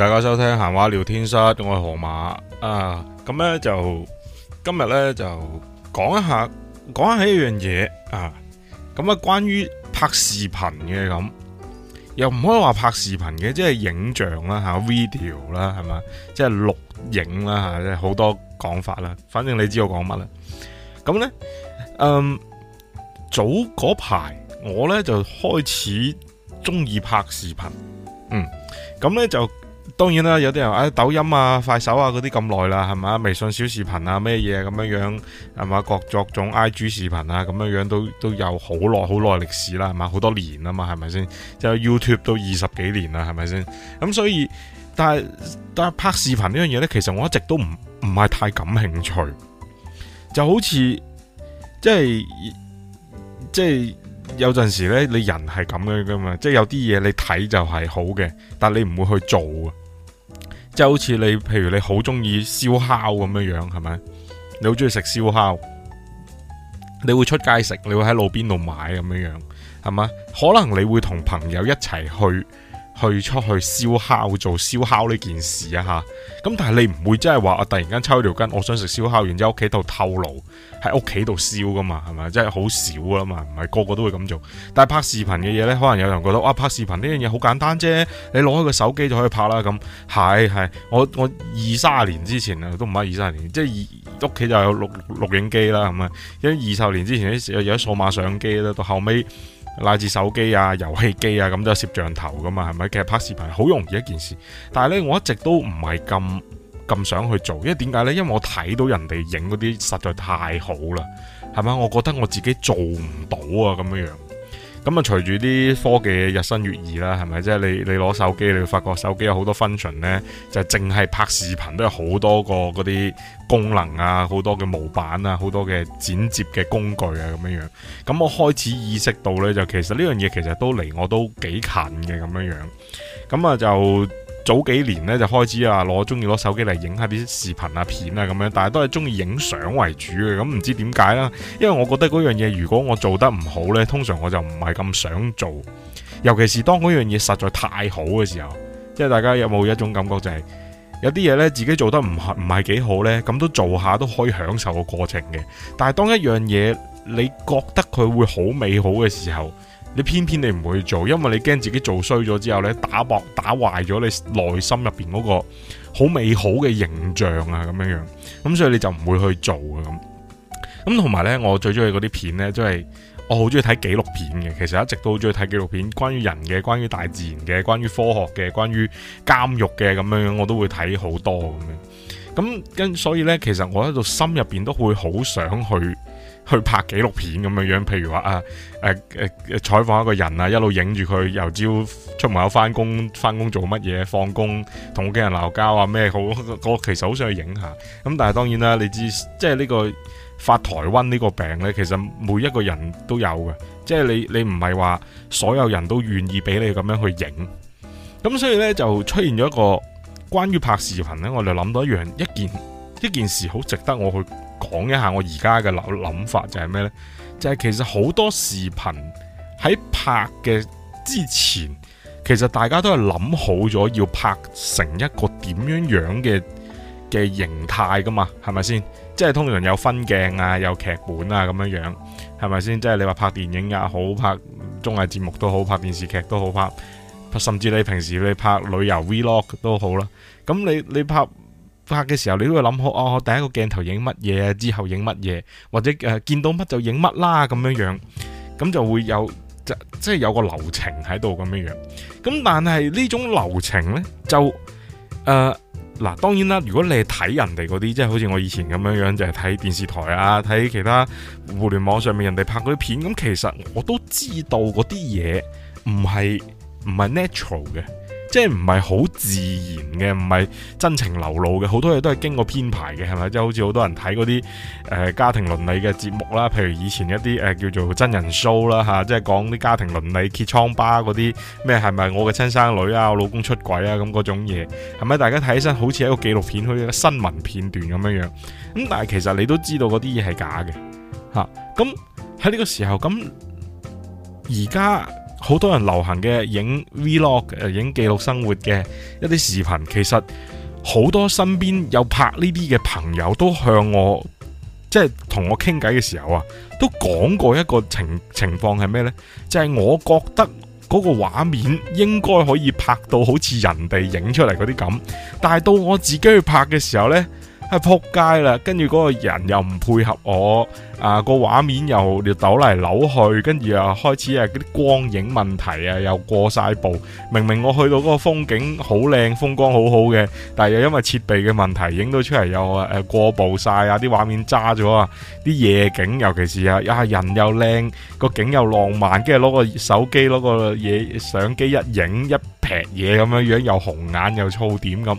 大家收聽閒話聊天室，我係河馬啊，咁咧就今日咧就講一下，講一下一樣嘢啊，咁啊關於拍視頻嘅咁，又唔可以話拍視頻嘅，即係影像啦吓，啊，video 啦係嘛，即係錄影啦吓，即係好多講法啦，反正你知道講乜啦。咁咧，嗯，早嗰排我咧就開始中意拍視頻，嗯，咁咧就。當然啦，有啲人啊、哎，抖音啊、快手啊嗰啲咁耐啦，係嘛？微信小視頻啊，咩嘢咁樣樣，係嘛？各作種 I G 視頻啊，咁樣樣都都有好耐好耐歷史啦，係嘛？好多年啊嘛，係咪先？就 YouTube 都二十幾年啦，係咪先？咁所以，但係但係拍視頻呢樣嘢呢，其實我一直都唔唔係太感興趣。就好似即係即係有陣時呢，你人係咁樣噶嘛？即係有啲嘢你睇就係好嘅，但係你唔會去做啊。就好似你，譬如你好中意燒烤咁樣樣，係咪？你好中意食燒烤，你會出街食，你會喺路邊度買咁樣樣，係咪？可能你會同朋友一齊去，去出去燒烤做燒烤呢件事啊吓。咁但係你唔會真係話啊，突然間抽條筋，我想食燒烤，然之後喺屋企度透露。喺屋企度燒噶嘛，係咪？即係好少啊嘛，唔係個個都會咁做。但係拍視頻嘅嘢呢，可能有人覺得啊，拍視頻呢樣嘢好簡單啫，你攞開個手機就可以拍啦。咁係係，我我二三十年之前啊，都唔係二三十年，即係屋企就有錄錄影機啦，係咪？因為一二十年之前有啲有啲數碼相機啦，到後尾，乃至手機啊、遊戲機啊咁都有攝像頭噶嘛，係咪？其實拍視頻好容易一件事，但係呢，我一直都唔係咁。咁想去做，因為點解呢？因為我睇到人哋影嗰啲實在太好啦，係嘛？我覺得我自己做唔到啊，咁樣樣。咁啊，隨住啲科技日新月異啦，係咪？即係你你攞手機，你會發覺手機有好多 function 呢，就淨係拍視頻都有好多個嗰啲功能啊，好多嘅模板啊，好多嘅剪接嘅工具啊，咁樣樣。咁我開始意識到呢，就其實呢樣嘢其實都離我都幾近嘅，咁樣樣。咁啊就。早幾年咧，就開始啊，攞，中意攞手機嚟影下啲視頻啊片啊咁樣，但係都係中意影相為主嘅。咁唔知點解啦？因為我覺得嗰樣嘢如果我做得唔好呢，通常我就唔係咁想做。尤其是當嗰樣嘢實在太好嘅時候，即係大家有冇一種感覺就係，有啲嘢呢，自己做得唔唔係幾好呢，咁都做下都可以享受個過程嘅。但係當一樣嘢你覺得佢會好美好嘅時候，你偏偏你唔會做，因為你驚自己做衰咗之後呢，打薄打壞咗你內心入邊嗰個好美好嘅形象啊，咁樣樣，咁所以你就唔會去做啊咁。咁同埋呢，我最中意嗰啲片呢，都係我好中意睇紀錄片嘅。其實一直都好中意睇紀錄片，關於人嘅，關於大自然嘅，關於科學嘅，關於監獄嘅，咁樣樣我都會睇好多咁樣。咁跟所以呢，其實我喺度心入邊都會好想去。去拍紀錄片咁嘅樣，譬如話啊，誒、啊、誒、啊，採訪一個人，一一一個人啊，一路影住佢由朝出門口返工，返工做乜嘢，放工同屋企人鬧交啊，咩好？我，我，我其實好想去影下。咁、嗯、但係當然啦，你知即係呢、呢個發台灣呢個病呢，其實每一個人都有嘅，即係你你唔係話所有人都願意俾你咁樣去影。咁所以呢，就出現咗一個關於拍視頻呢，我哋諗到一樣一件一件事好值得我去。講一下我而家嘅諗諗法就係咩呢？就係其實好多視頻喺拍嘅之前，其實大家都係諗好咗要拍成一個點樣樣嘅嘅形態噶嘛？係咪先？即係通常有分鏡啊，有劇本啊咁樣樣，係咪先？即係你話拍電影也好，拍綜藝節目都好，拍電視劇都好拍，甚至你平時你拍旅遊 Vlog 都好啦。咁你你拍？拍嘅時候你都會諗好，哦，第一個鏡頭影乜嘢，之後影乜嘢，或者誒、呃、見到乜就影乜啦咁樣樣，咁就會有即即係有個流程喺度咁樣樣。咁但係呢種流程呢，就誒嗱、呃，當然啦，如果你係睇人哋嗰啲，即係好似我以前咁樣樣，就係、是、睇電視台啊，睇其他互聯網上面人哋拍嗰啲片，咁其實我都知道嗰啲嘢唔係唔係 natural 嘅。即係唔係好自然嘅，唔係真情流露嘅，好多嘢都係經過編排嘅，係咪？即係好似好多人睇嗰啲誒家庭倫理嘅節目啦，譬如以前一啲誒、呃、叫做真人 show 啦，吓、啊，即係講啲家庭倫理揭瘡疤嗰啲咩，係咪我嘅親生女啊，我老公出軌啊咁嗰種嘢，係咪？大家睇起身好似一個紀錄片，好似一個新聞片段咁樣樣，咁、嗯、但係其實你都知道嗰啲嘢係假嘅，吓、啊，咁喺呢個時候咁而家。好多人流行嘅影 Vlog 誒，影記錄生活嘅一啲視頻，其實好多身邊有拍呢啲嘅朋友都向我，即係同我傾偈嘅時候啊，都講過一個情情況係咩呢？就係我覺得嗰個畫面應該可以拍到好似人哋影出嚟嗰啲咁，但係到我自己去拍嘅時候呢。係撲街啦！跟住嗰個人又唔配合我，啊，個畫面又扭嚟扭去，跟住又開始啊啲光影問題啊，又過晒曝。明明我去到嗰個風景好靚，風光好好嘅，但係又因為設備嘅問題，影到出嚟又誒過曝晒啊，啲畫面渣咗啊，啲夜景尤其是啊一下人又靚，個景又浪漫，跟住攞個手機攞個嘢相機一影一撇嘢咁樣樣，又紅眼又粗點咁。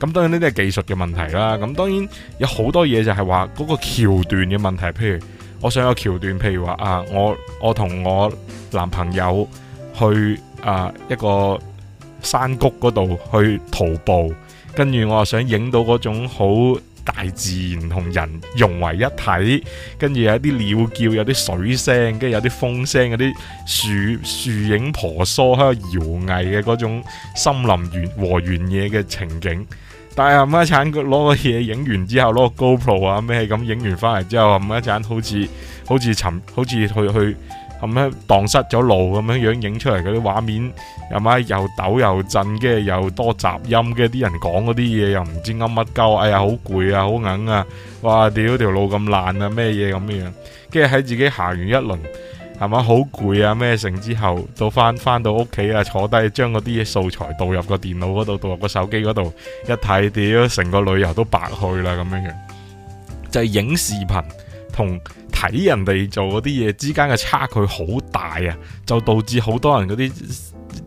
咁當然呢啲係技術嘅問題啦。咁當然有好多嘢就係話嗰個橋段嘅問題。譬如我想有個橋段，譬如話啊，我我同我男朋友去啊一個山谷嗰度去徒步，跟住我又想影到嗰種好大自然同人融為一體，跟住有啲鳥叫，有啲水聲，跟住有啲風聲，嗰啲樹樹影婆娑喺度搖曳嘅嗰種森林園和原野嘅情景。但係啊一鏟攞個嘢影完之後，攞個 GoPro 啊咩咁影完翻嚟之後，唔一陣好似好似沉好似去去，係咪蕩失咗路咁樣樣影出嚟嗰啲畫面，係咪又抖又震，跟住又多雜音，跟住啲人講嗰啲嘢又唔知噏乜鳩，哎呀好攰啊，好硬啊，哇屌條路咁爛啊，咩嘢咁樣，跟住喺自己行完一輪。係、嗯、好攰啊咩成之，之後到翻翻到屋企啊，坐低將嗰啲嘢素材導入個電腦嗰度，導入個手機嗰度一睇，屌成個旅遊都白去啦咁樣樣，就係影視頻同睇人哋做嗰啲嘢之間嘅差距好大啊，就導致好多人嗰啲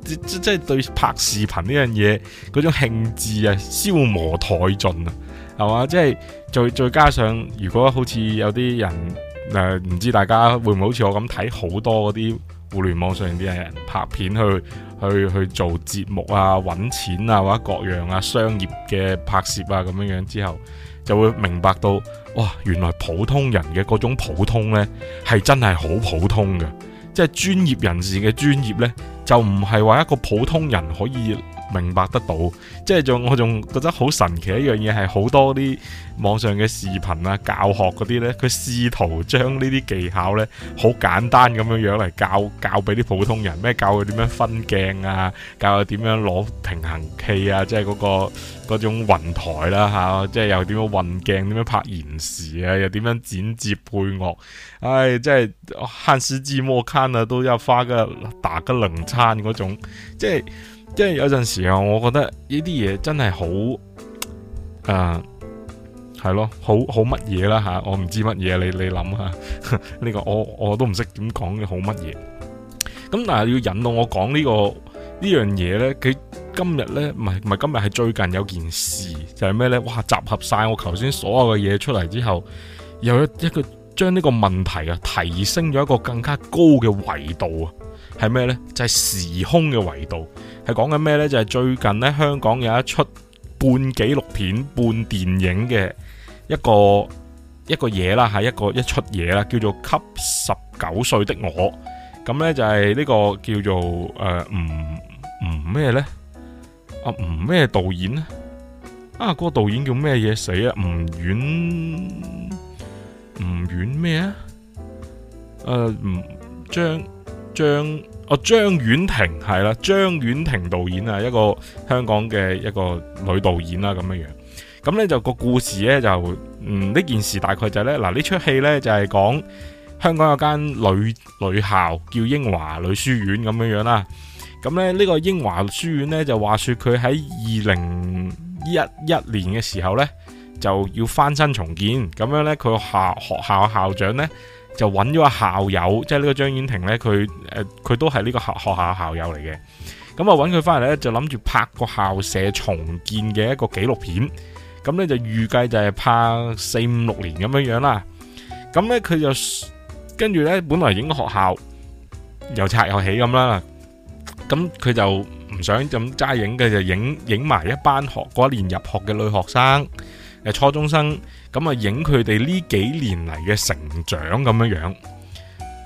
即即即係對拍視頻呢樣嘢嗰種興致啊消磨殆盡啊，係嘛，即係再再加上如果好似有啲人。誒，唔、呃、知大家會唔會好似我咁睇好多嗰啲互聯網上面啲人拍片去去去做節目啊、揾錢啊、或者各樣啊、商業嘅拍攝啊咁樣樣之後，就會明白到哇，原來普通人嘅嗰種普通呢，係真係好普通嘅，即係專業人士嘅專業呢，就唔係話一個普通人可以。明白得到，即係仲我仲覺得好神奇一樣嘢，係好多啲網上嘅視頻啊，教學嗰啲呢，佢試圖將呢啲技巧呢，好簡單咁樣樣嚟教教俾啲普通人，咩教佢點樣分鏡啊，教佢點樣攞平衡器啊，即係嗰、嗰個嗰種雲台啦、啊、吓、啊，即係又點樣運鏡，點樣拍延時啊，又點樣剪接配樂，唉、哎，即係漢斯季莫卡呢都有花個打個冷餐嗰種，即係。即係有陣時候、呃、啊，我覺、這個、得呢啲嘢真係好誒，係咯，好好乜嘢啦吓，我唔知乜嘢，你你諗吓呢個，我我都唔識點講嘅，好乜嘢？咁但係要引到我講呢、這個呢樣嘢呢，佢今日呢，唔係唔係今日係最近有件事就係、是、咩呢？哇！集合晒我頭先所有嘅嘢出嚟之後，有一一個。將呢個問題啊提升咗一個更加高嘅維度啊，係咩呢？就係、是、時空嘅維度，係講緊咩呢？就係、是、最近呢，香港有一出半紀錄片、半電影嘅一個一個嘢啦，係一個一出嘢啦，叫做《給十九歲的我》。咁呢，就係呢個叫做誒吳吳咩呢？啊吳咩導演咧？啊、嗰個導演叫咩嘢，死啊？唔遠。吳婉咩啊？誒，張、呃、張哦，張婉婷係啦，張婉婷導演啊，一個香港嘅一個女導演啦，咁樣樣。咁咧就個故事咧就，嗯，呢件事大概就係咧，嗱，出戲呢出戲咧就係、是、講香港有間女女校叫英華女書院咁樣樣啦。咁咧呢、這個英華書院咧就話說佢喺二零一一年嘅時候咧。就要翻新重建，咁樣呢，佢校學，學校校長呢，就揾咗個校友，即係呢個張婉婷呢，佢誒佢都係呢個校學，學校校友嚟嘅。咁啊，揾佢翻嚟呢，就諗住拍個校舍重建嘅一個紀錄片，咁呢，就預計就係拍四五六年咁樣樣啦。咁呢，佢就跟住呢，本來影學校又拆又起咁啦，咁佢就唔想咁齋影，佢就影影埋一班學嗰一年入學嘅女學生。初中生咁啊，影佢哋呢幾年嚟嘅成長咁樣樣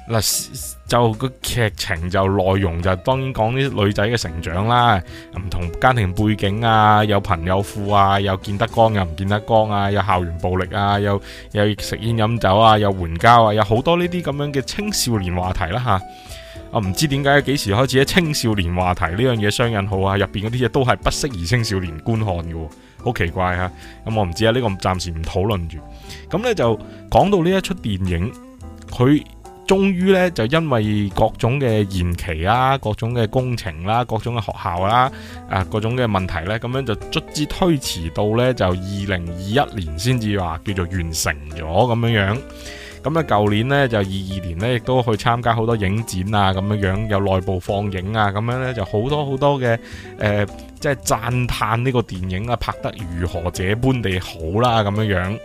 嗱，就、個劇情就內容就當然講啲女仔嘅成長啦，唔同家庭背景啊，有貧有富啊，有見得光又唔見得光啊，有校園暴力啊，有又，又食煙飲酒啊，有援交啊，有好多呢啲咁樣嘅青少年話題啦、啊、吓、啊，我唔知點解幾時開始喺青少年話題呢樣嘢雙引號啊，入邊嗰啲嘢都係不適宜青少年觀看嘅、啊。好奇怪哈，咁我唔知啊，呢、嗯，呢個暫時唔討論住。咁、嗯、呢就講到呢一出電影，佢終於呢就因為各種嘅延期啦、啊、各種嘅工程啦、啊、各種嘅學校啦、啊、啊各種嘅問題呢、啊，咁樣就卒之推遲到呢就二零二一年先至話叫做完成咗咁樣樣。咁咧，舊年咧就二二年咧，亦都去參加好多影展啊，咁樣樣有內部放映啊，咁樣咧、呃、就好多好多嘅誒，即係讚歎呢個電影啊拍得如何這般地好啦，咁樣樣。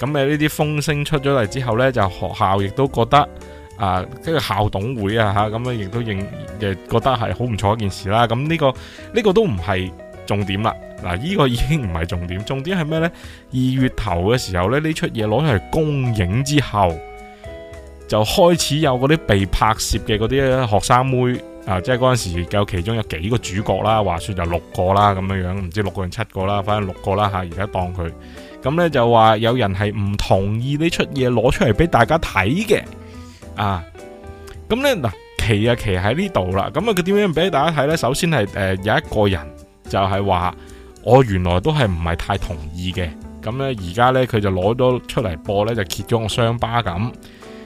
咁誒呢啲風聲出咗嚟之後咧，就學校亦都覺得啊，即、呃、係校董會啊嚇，咁啊亦都認誒覺得係好唔錯一件事啦。咁呢、呢個呢、呢個都唔係重點啦。嗱，呢個已經唔係重點，重點係咩呢？二月頭嘅時候咧，呢出嘢攞出嚟公映之後，就開始有嗰啲被拍攝嘅嗰啲學生妹啊，即係嗰陣時有其中有幾個主角啦，話説就六個啦，咁樣樣唔知六個人七個啦，反正六個啦吓，而家當佢咁呢，啊、就話有人係唔同意呢出嘢攞出嚟俾大家睇嘅啊，咁呢，嗱，奇啊奇喺呢度啦，咁啊佢點樣俾大家睇呢？首先係誒、呃、有一個人就係話。我原來都係唔係太同意嘅，咁呢，而家呢，佢就攞咗出嚟播呢就揭咗我傷疤咁，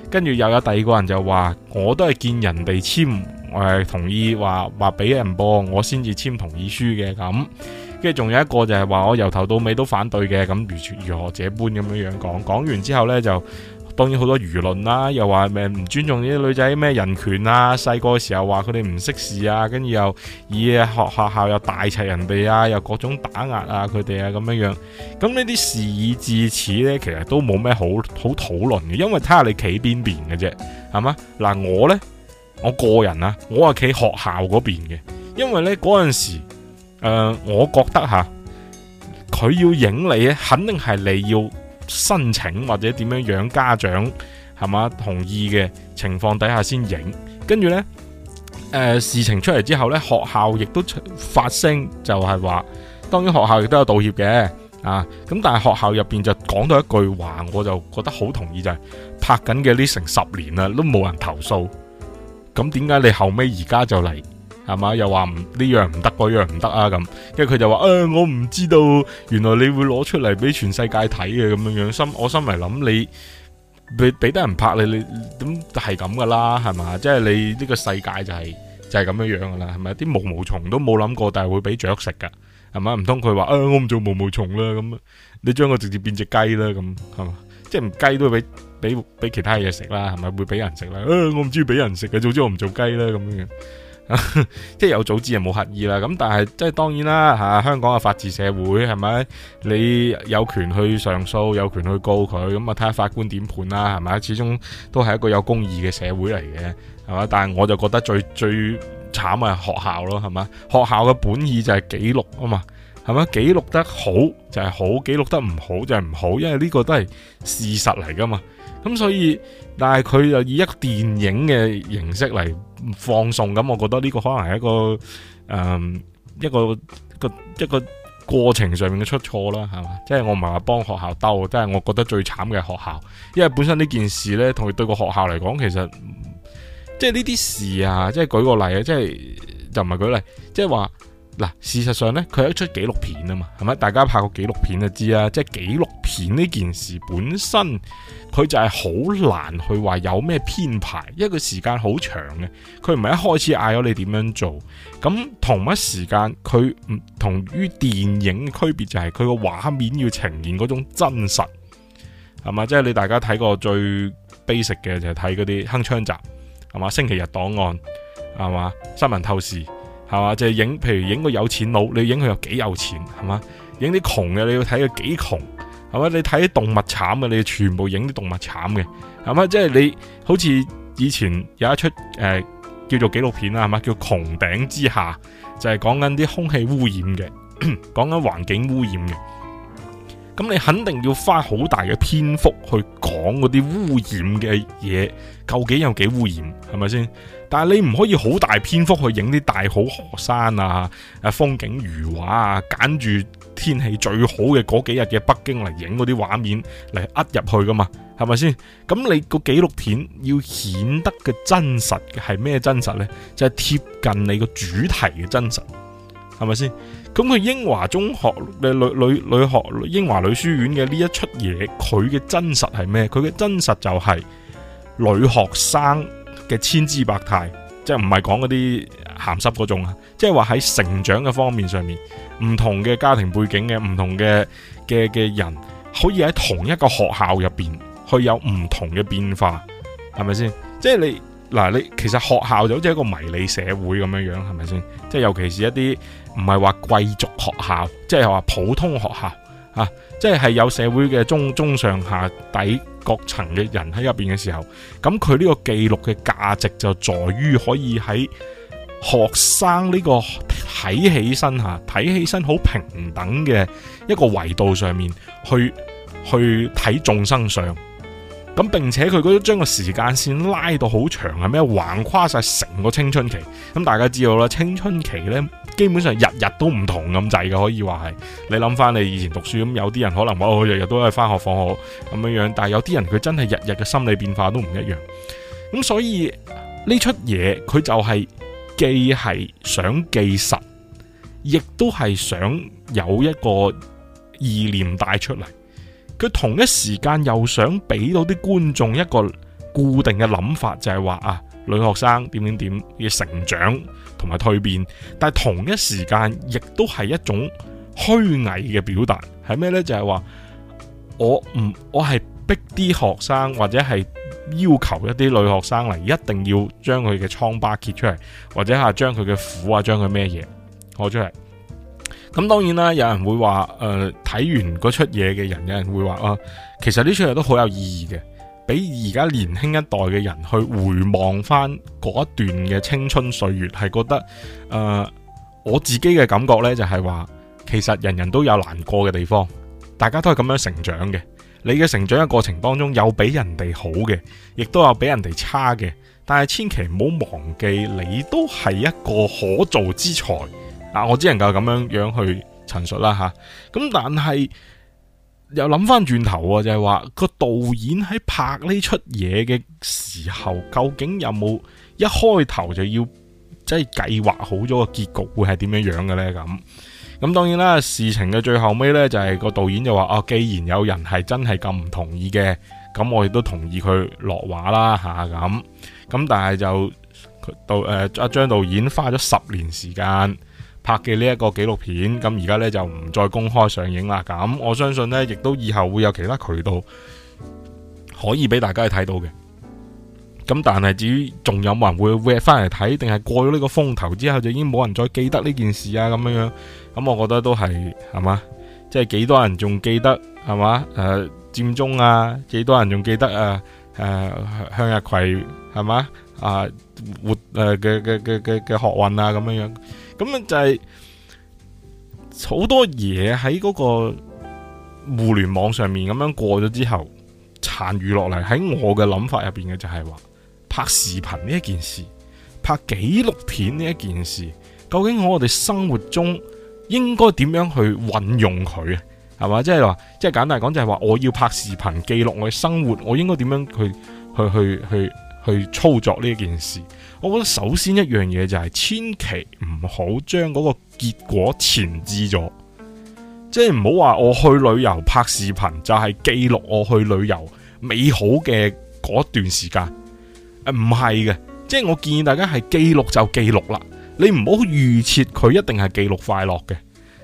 跟住又有第二個人就話，我都係見人哋簽誒同意話話俾人播，我先至簽同意書嘅咁，跟住仲有一個就係話我由頭到尾都反對嘅，咁如如何這般咁樣樣講講完之後呢，就。當然好多輿論啦，又話唔尊重啲女仔咩人權啊，細個嘅時候話佢哋唔識事啊，跟住又以學學校又大齊人哋啊，又各種打壓啊佢哋啊咁樣樣。咁呢啲事已至此呢，其實都冇咩好好討論嘅，因為睇下你企邊邊嘅啫，係嘛？嗱，我呢，我個人啊，我係企學校嗰邊嘅，因為呢嗰陣時，誒、呃，我覺得吓佢要影你，肯定係你要。申請或者點樣樣，家長係嘛同意嘅情況底下先影，跟住呢，誒、呃、事情出嚟之後呢，學校亦都發聲，就係話，當然學校亦都有道歉嘅啊，咁但係學校入邊就講到一句話，我就覺得好同意就係、是、拍緊嘅呢成十年啦，都冇人投訴，咁點解你後尾而家就嚟？係嘛？又話唔呢樣唔得，嗰樣唔得啊！咁，跟住佢就話：，誒，我唔知道，原來你會攞出嚟俾全世界睇嘅咁樣樣。心我心嚟諗，你俾俾得人拍你，你咁係咁噶啦，係嘛？即係你呢個世界就係就係咁樣樣噶啦，係咪？啲毛毛蟲都冇諗過，但係會俾雀食噶，係嘛？唔通佢話：，誒，我唔做毛毛蟲啦，咁你將佢直接變隻雞啦，咁係嘛？即係唔雞都會俾俾俾其他嘢食啦，係咪？會俾人食啦？誒，我唔中意俾人食嘅，早知我唔做雞啦，咁樣。 即係有組織又冇刻意啦，咁但係即係當然啦吓、啊，香港嘅法治社會係咪？你有權去上訴，有權去告佢，咁啊睇下法官點判啦，係咪？始終都係一個有公義嘅社會嚟嘅，係嘛？但係我就覺得最最慘係學校咯，係嘛？學校嘅本意就係記錄啊嘛，係嘛？記錄得好就係好，記錄得唔好就係唔好，因為呢個都係事實嚟噶嘛。咁所以，但係佢就以一個電影嘅形式嚟放送，咁我覺得呢個可能係一個誒、呃、一個一個一個過程上面嘅出錯啦，係嘛？即係我唔係話幫學校兜，即係我覺得最慘嘅係學校，因為本身呢件事呢，同佢對個學校嚟講，其實即係呢啲事啊，即係舉個例啊，即係就唔係舉例，即係話。嗱，事實上咧，佢係一出紀錄片啊嘛，係咪？大家拍過紀錄片就知啦、啊，即係紀錄片呢件事本身，佢就係好難去話有咩編排，因為佢時間好長嘅，佢唔係一開始嗌咗你點樣做。咁同一時間，佢唔同於電影區別就係佢個畫面要呈現嗰種真實，係嘛？即係你大家睇過最 basic 嘅就係睇嗰啲《鏗鏘集》，係嘛？星期日檔案，係嘛？新聞透視。係嘛，就係影，譬如影個有錢佬，你影佢又幾有錢，係嘛？影啲窮嘅，你要睇佢幾窮，係嘛？你睇啲動物慘嘅，你要全部影啲動物慘嘅，係嘛？即係你好似以前有一出誒叫做紀錄片啦，係嘛？叫《穹頂之下》，就係講緊啲空氣污染嘅，講緊環境污染嘅。咁你肯定要花好大嘅篇幅去講嗰啲污染嘅嘢，究竟有幾污染，係咪先？但係你唔可以好大篇幅去影啲大好河山啊，誒風景如畫啊，揀住天氣最好嘅嗰幾日嘅北京嚟影嗰啲畫面嚟呃入去噶嘛，係咪先？咁你個紀錄片要顯得嘅真實係咩真實呢？就係貼近你個主題嘅真實，係咪先？咁佢英華中學嘅女女女學英華女書院嘅呢一出嘢，佢嘅真實係咩？佢嘅真實就係女學生。嘅千姿百態，即係唔係講嗰啲鹹濕嗰種，即係話喺成長嘅方面上面，唔同嘅家庭背景嘅，唔同嘅嘅嘅人，可以喺同一個學校入邊去有唔同嘅變化，係咪先？即係你嗱，你其實學校就好似一個迷你社會咁樣樣，係咪先？即係尤其是一啲唔係話貴族學校，即係話普通學校。啊，即係有社會嘅中中上下底各層嘅人喺入邊嘅時候，咁佢呢個記錄嘅價值就在於可以喺學生呢個睇起身吓，睇起身好平等嘅一個維度上面去去睇眾生相。咁並且佢都將個時間線拉到好長係咩？橫跨晒成個青春期。咁大家知道啦，青春期呢基本上日日都唔同咁滯嘅，可以話係你諗翻你以前讀書咁，有啲人可能話我、哦、日日都係翻學放學咁樣樣，但係有啲人佢真係日日嘅心理變化都唔一樣。咁所以呢出嘢佢就係既係想記實，亦都係想有一個意念帶出嚟。佢同一時間又想俾到啲觀眾一個固定嘅諗法，就係話啊女學生點點點嘅成長同埋蛻變，但係同一時間亦都係一種虛偽嘅表達，係咩呢？就係話我唔我係逼啲學生或者係要求一啲女學生嚟，一定要將佢嘅瘡疤揭出嚟，或者係將佢嘅苦啊，將佢咩嘢攞出嚟。咁當然啦，有人會話，誒、呃、睇完嗰出嘢嘅人，有人會話啊、呃，其實呢出嘢都好有意義嘅，畀而家年輕一代嘅人去回望返嗰一段嘅青春歲月，係覺得誒、呃、我自己嘅感覺呢，就係話其實人人都有難過嘅地方，大家都係咁樣成長嘅。你嘅成長嘅過程當中有比人哋好嘅，亦都有比人哋差嘅，但係千祈唔好忘記，你都係一個可造之材。啊！我只能夠咁樣樣去陳述啦吓，咁、啊、但係又諗翻轉頭啊，就係話個導演喺拍呢出嘢嘅時候，究竟有冇一開頭就要即係計劃好咗個結局會係點樣樣嘅呢？咁、啊、咁當然啦，事情嘅最後尾呢，就係、是、個導演就話啊，既然有人係真係咁唔同意嘅，咁我亦都同意佢落畫啦吓咁咁，但係就導誒阿張導演花咗十年時間。拍嘅呢一個紀錄片，咁而家呢就唔再公開上映啦。咁我相信呢，亦都以後會有其他渠道，可以俾大家去睇到嘅。咁但係至於仲有冇人會搵翻嚟睇，定係過咗呢個風頭之後就已經冇人再記得呢件事啊？咁樣樣，咁我覺得都係係嘛，即係幾多人仲記得係嘛？誒，佔中啊，幾多人仲記得啊？誒、呃，向日葵係嘛？啊，活誒嘅嘅嘅嘅嘅學運啊，咁樣樣。咁樣就係、是、好多嘢，喺嗰個互聯網上面咁樣過咗之後殘餘落嚟，喺我嘅諗法入邊嘅就係話拍視頻呢一件事，拍紀錄片呢一件事，究竟我哋生活中應該點樣去運用佢啊，係嘛？即係話即係簡單嚟講就係話我要拍視頻記錄我嘅生活，我應該點樣去去去去。去去去操作呢件事，我覺得首先一樣嘢就係千祈唔好將嗰個結果前置咗，即係唔好話我去旅遊拍視頻就係記錄我去旅遊美好嘅嗰段時間，唔係嘅，即係我建議大家係記錄就記錄啦，你唔好預設佢一定係記錄快樂嘅，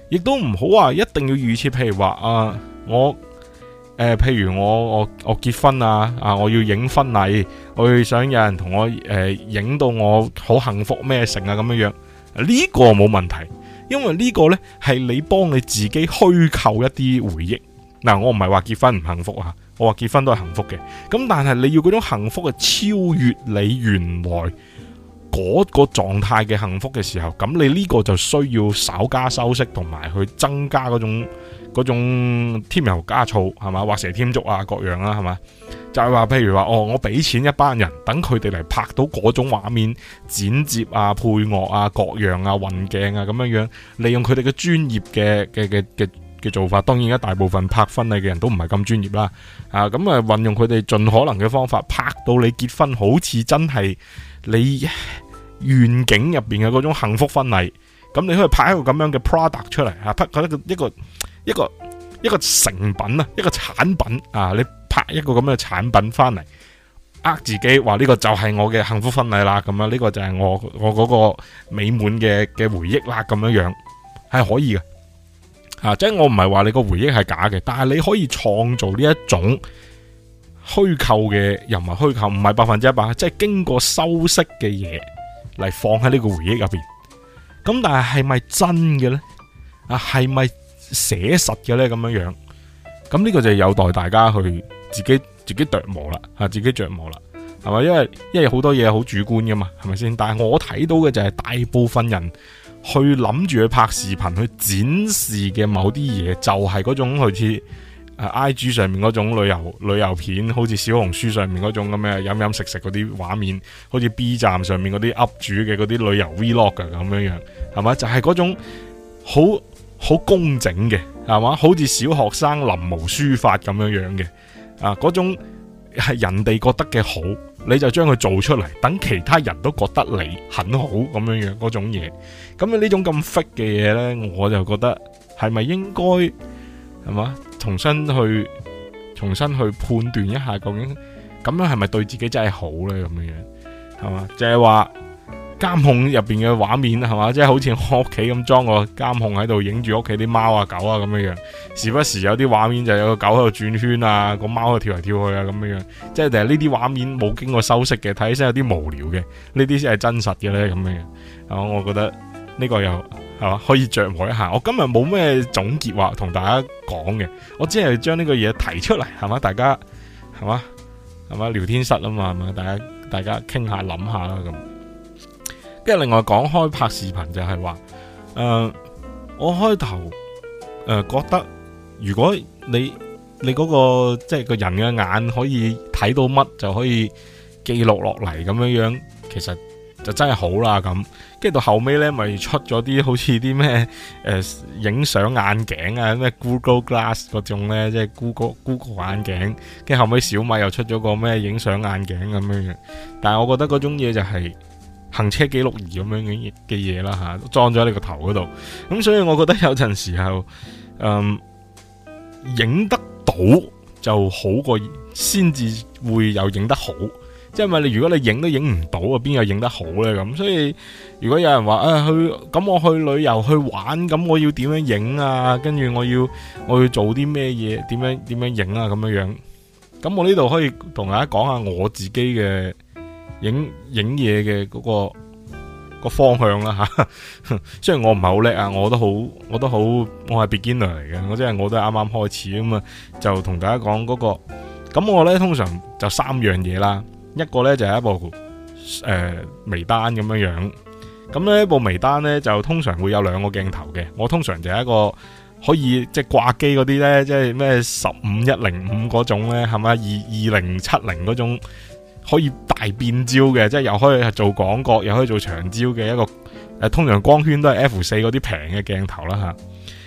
亦都唔好話一定要預設，譬如話啊我。誒、呃，譬如我我我結婚啊，啊，我要影婚禮，我要想有人同我誒影、呃、到我好幸福咩成啊咁樣樣，呢、呢個冇問題，因為呢個呢係你幫你自己虛構一啲回憶。嗱、嗯，我唔係話結婚唔幸福啊，我話結婚都係幸福嘅。咁但係你要嗰種幸福係超越你原來。嗰個狀態嘅幸福嘅時候，咁你呢個就需要稍加修飾，同埋去增加嗰種嗰種添油加醋，係嘛？畫蛇添足啊，各樣啦、啊，係嘛？就係話，譬如話，哦，我俾錢一班人，等佢哋嚟拍到嗰種畫面剪接啊、配樂啊、各樣啊、運鏡啊咁樣樣，利用佢哋嘅專業嘅嘅嘅嘅做法。當然，一大部分拍婚禮嘅人都唔係咁專業啦。啊，咁啊，運用佢哋盡可能嘅方法拍到你結婚，好似真係～你願景入邊嘅嗰種幸福婚禮，咁你可以拍一個咁樣嘅 product 出嚟，吓拍一個一個一個一個成品啊，一個產品啊，你拍一個咁嘅產品翻嚟，呃自己話呢個就係我嘅幸福婚禮啦，咁樣呢個就係我我嗰個美滿嘅嘅回憶啦，咁樣樣係可以嘅，吓即係我唔係話你個回憶係假嘅，但係你可以創造呢一種。虛構嘅又唔係虛構，唔係百分之一百，即係經過修飾嘅嘢，嚟放喺呢個回憶入邊。咁但係係咪真嘅呢？啊，係咪寫實嘅呢？咁樣樣，咁呢個就有待大家去自己自己琢磨啦，啊，自己琢磨啦，係咪？因為因為好多嘢好主觀噶嘛，係咪先？但係我睇到嘅就係大部分人去諗住去拍視頻去展示嘅某啲嘢，就係嗰種類似。IG 上面嗰種旅遊旅遊片，好似小紅書上面嗰種咁嘅飲飲食食嗰啲畫面，好似 B 站上面嗰啲 up 主嘅嗰啲旅遊 vlog 嘅咁樣樣，係嘛？就係嗰種好好工整嘅，係嘛？好似小學生臨摹書法咁樣樣嘅，啊，嗰種係人哋覺得嘅好，你就將佢做出嚟，等其他人都覺得你很好咁樣樣嗰種嘢。咁呢種咁 fit 嘅嘢呢，我就覺得係咪應該係嘛？重新去，重新去判斷一下究竟咁樣係咪對自己真係好呢？咁樣樣係嘛？即係話監控入邊嘅畫面係嘛？即係好似我屋企咁裝個監控喺度影住屋企啲貓啊狗啊咁樣樣，時不時有啲畫面就有個狗喺度轉圈啊，個貓喺度跳嚟跳去啊咁樣樣，即係誒呢啲畫面冇經過修飾嘅，睇起身有啲無聊嘅，呢啲先係真實嘅呢。咁樣樣我覺得呢個又。係嘛，可以着墨一下。我今日冇咩總結話同大家講嘅，我只係將呢個嘢提出嚟，係嘛，大家係嘛，係嘛聊天室啊嘛，係嘛，大家大家傾下諗下啦咁。跟住另外講開拍視頻就係話，誒、呃，我開頭誒覺得，如果你你嗰、嗰個即係、即係、個人嘅眼可以睇到乜，就可以記錄落嚟咁樣樣，其實。就真係好啦咁，跟住到後尾咧，咪出咗啲好似啲咩誒，影、呃、相眼鏡啊，咩 Google Glass 嗰種咧，即係 Google Google 眼鏡，跟住後尾小米又出咗個咩影相眼鏡咁樣樣，但係我覺得嗰種嘢就係行車記錄儀咁樣嘅嘅嘢啦吓，裝、啊、咗你個頭度，咁所以我覺得有陣時候，誒、嗯、影得到就好過先至會有影得好。因為如果你影都影唔到啊，邊有影得好咧咁，所以如果有人話啊去咁我去旅遊去玩，咁我要點樣影啊？跟住我要我要做啲咩嘢？點樣點樣影啊？咁樣樣，咁我呢度可以同大家講下我自己嘅影影嘢嘅嗰個個方向啦吓。 雖然我唔係好叻啊，我都好我都好我係 beginner 嚟嘅，我即係我，我都係啱啱開始咁啊，就同大家講嗰個咁我咧通常就三樣嘢啦。一個呢就係一部誒、呃、微單咁樣樣，咁呢一部微單呢，就通常會有兩個鏡頭嘅。我通常就係一個可以即係掛機嗰啲呢，即係咩十五一零五嗰種呢，係咪二二零七零嗰種可以大變焦嘅，即係又可以做廣角，又可以做長焦嘅一個。誒，通常光圈都係 F 四嗰啲平嘅鏡頭啦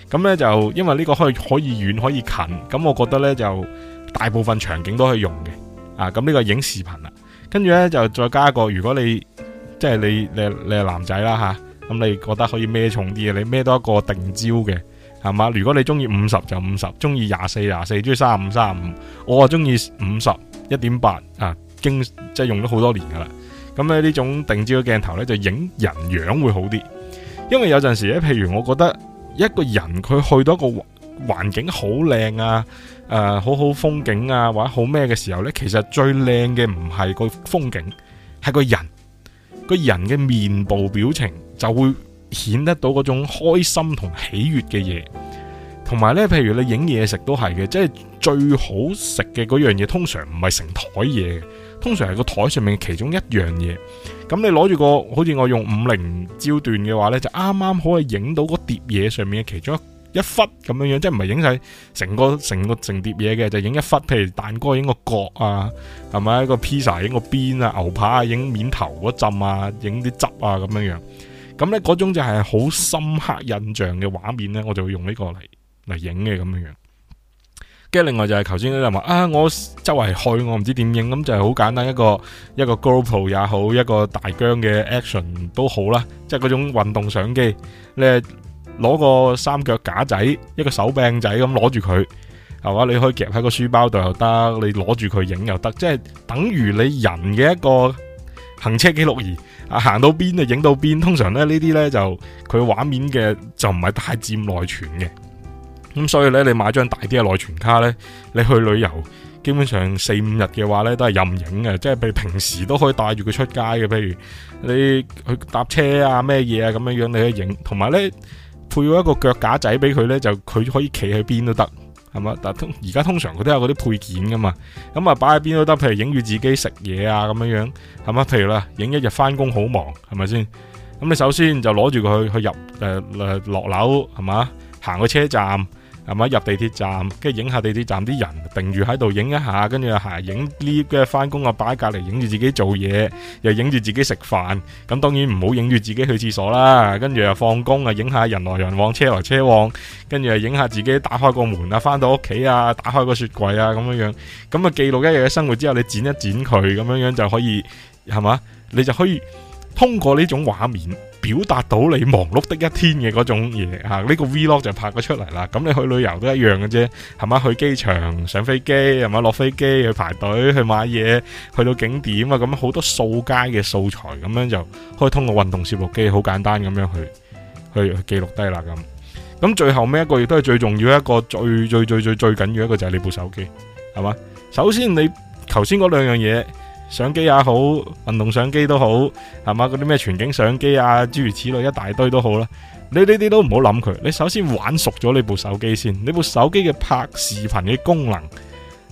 吓。咁呢，就因為呢個可以可以遠可以近，咁我覺得呢就大部分場景都可以用嘅。啊，咁呢個影視頻啦。跟住咧就再加一個，如果你即係你你你係男仔啦，吓，咁、啊、你覺得可以孭重啲嘅，你孭多一個定焦嘅係嘛？如果你中意五十就五十，中意廿四廿四，中意三五三五，我啊中意五十，一點八啊，經即係用咗好多年噶啦。咁咧呢種定焦嘅鏡頭咧就影人樣會好啲，因為有陣時咧，譬如我覺得一個人佢去到一個。環境好靚啊，誒、呃，好好風景啊，或者好咩嘅時候呢，其實最靚嘅唔係個風景，係個人，個人嘅面部表情就會顯得到嗰種開心同喜悦嘅嘢。同埋呢，譬如你影嘢食都係嘅，即係最好食嘅嗰樣嘢，通常唔係成台嘢，通常係個台上面其中一樣嘢。咁你攞住個，好似我用五零焦段嘅話呢，就啱啱可以影到個碟嘢上面嘅其中一。一忽咁樣樣，即係唔係影晒成個成個成碟嘢嘅，就影一忽。譬如蛋糕影個角啊，係咪？一個披薩影個邊啊，牛扒影面頭嗰浸啊，影啲汁啊咁樣樣。咁咧嗰種就係好深刻印象嘅畫面咧，我就會用呢個嚟嚟影嘅咁樣樣。跟住另外就係頭先啲人話啊，我周圍去我唔知點影，咁就係好簡單一個一個 GoPro 也好，一個大疆嘅 Action 都好啦，即係嗰種運動相機咧。攞個三腳架仔，一個手柄仔咁攞住佢，係嘛？你可以夾喺個書包度又得，你攞住佢影又得，即係等於你人嘅一個行車記錄儀，啊，行到邊就影到邊。通常咧呢啲呢，就佢畫面嘅就唔係太佔內存嘅。咁、嗯、所以呢，你買張大啲嘅內存卡呢，你去旅遊，基本上四五日嘅話呢，都係任影嘅，即係你平時都可以帶住佢出街嘅。譬如你去搭車啊，咩嘢啊咁樣樣，你去影，同埋呢。配咗一個腳架仔俾佢呢，就佢可以企喺邊都得，係嘛？但通而家通常佢都有嗰啲配件噶嘛，咁啊擺喺邊都得。譬如影住自己食嘢啊咁樣樣，係嘛？譬如啦，影一日翻工，好忙，係咪先？咁你首先就攞住佢去入誒落樓，係嘛？行個車站。係咪入地鐵站，跟住影下地鐵站啲人，定住喺度影一下，跟住啊，影啲。跟住翻工啊，擺隔籬影住自己做嘢，又影住自己食飯。咁當然唔好影住自己去廁所啦。跟住又放工啊，影下人來人往，車來車往。跟住又影下自己打開個門啊，翻到屋企啊，打開個雪櫃啊，咁樣樣。咁啊，記錄一日嘅生活之後，你剪一剪佢，咁樣樣就可以係咪？你就可以。通過呢種畫面表達到你忙碌的一天嘅嗰種嘢啊，呢、這個 vlog 就拍咗出嚟啦。咁你去旅遊都一樣嘅啫，係咪？去機場上飛機，係咪？落飛機去排隊去買嘢，去到景點啊，咁好多掃街嘅素材，咁樣就可以通過運動攝錄機，好簡單咁樣去去，去記錄低啦。咁咁最後尾一個亦都係最重要一個，最最最最最緊要一個就係你部手機，係嘛？首先你頭先嗰兩樣嘢。相機也好，運動相機都好，係嘛？嗰啲咩全景相機啊，諸如此類一大堆都好啦。你呢啲都唔好諗佢，你首先玩熟咗你部手機先，你部手機嘅拍視頻嘅功能，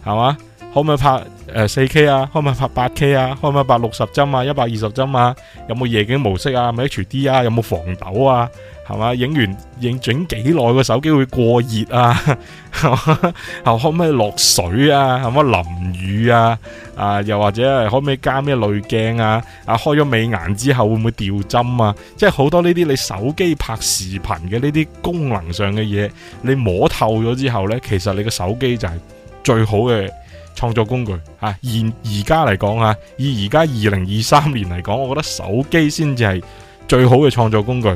係嘛？可唔可以拍誒四 K 啊？可唔可以拍八 K 啊？可唔可以拍六十幀啊？一百二十幀啊？有冇夜景模式啊？咪 H D 啊？有冇防抖啊？係嘛？影完影整幾耐個手機會過熱啊？係 可唔可以落水啊？係咪淋雨啊？啊，又或者係可唔可以加咩濾鏡啊？啊，開咗美顏之後會唔會掉幀啊？即係好多呢啲你手機拍視頻嘅呢啲功能上嘅嘢，你摸透咗之後呢，其實你個手機就係最好嘅。創作工具吓，而而家嚟講吓，以而家二零二三年嚟講，我覺得手機先至係最好嘅創作工具，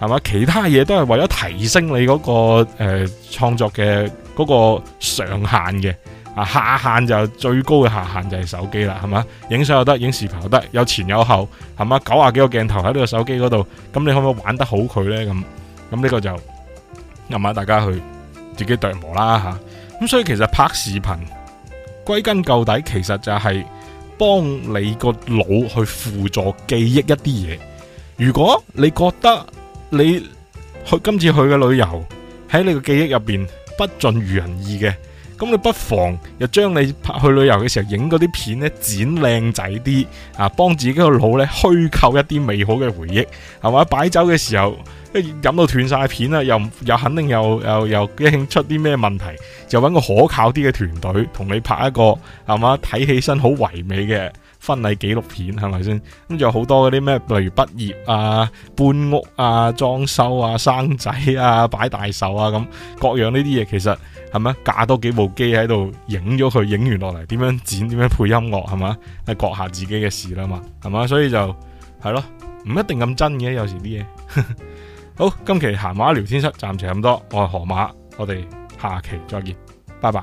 係嘛？其他嘢都係為咗提升你嗰、那個誒創、呃、作嘅嗰個上限嘅，啊下限就最高嘅下限就係手機啦，係嘛？影相又得，影視頻又得，有前有後，係嘛？九廿幾個鏡頭喺呢個手機嗰度，咁你可唔可以玩得好佢呢？咁咁呢個就任下大家去自己琢磨啦吓。咁、啊、所以其實拍視頻。歸根究底，其實就係幫你個腦去輔助記憶一啲嘢。如果你覺得你去今次去嘅旅遊喺你個記憶入邊不盡如人意嘅，咁你不妨又將你拍去旅遊嘅時候影嗰啲片咧剪靚仔啲啊，幫自己個腦咧虛構一啲美好嘅回憶，係嘛？擺酒嘅時候，一飲到斷晒片啦，又又肯定又又又驚出啲咩問題？就揾個可靠啲嘅團隊同你拍一個係嘛？睇起身好唯美嘅婚禮紀錄片係咪先？咁仲有好多嗰啲咩，例如畢業啊、搬屋啊、裝修啊、生仔啊、擺大壽啊咁各樣呢啲嘢，其實。係咪？架多幾部機喺度影咗佢，影完落嚟點樣剪，點樣配音樂，係嘛，係閣下自己嘅事啦嘛，係嘛，所以就係咯，唔一定咁真嘅，有時啲嘢。好，今期閒話聊天室暫時咁多，我係河馬，我哋下期再見，拜拜。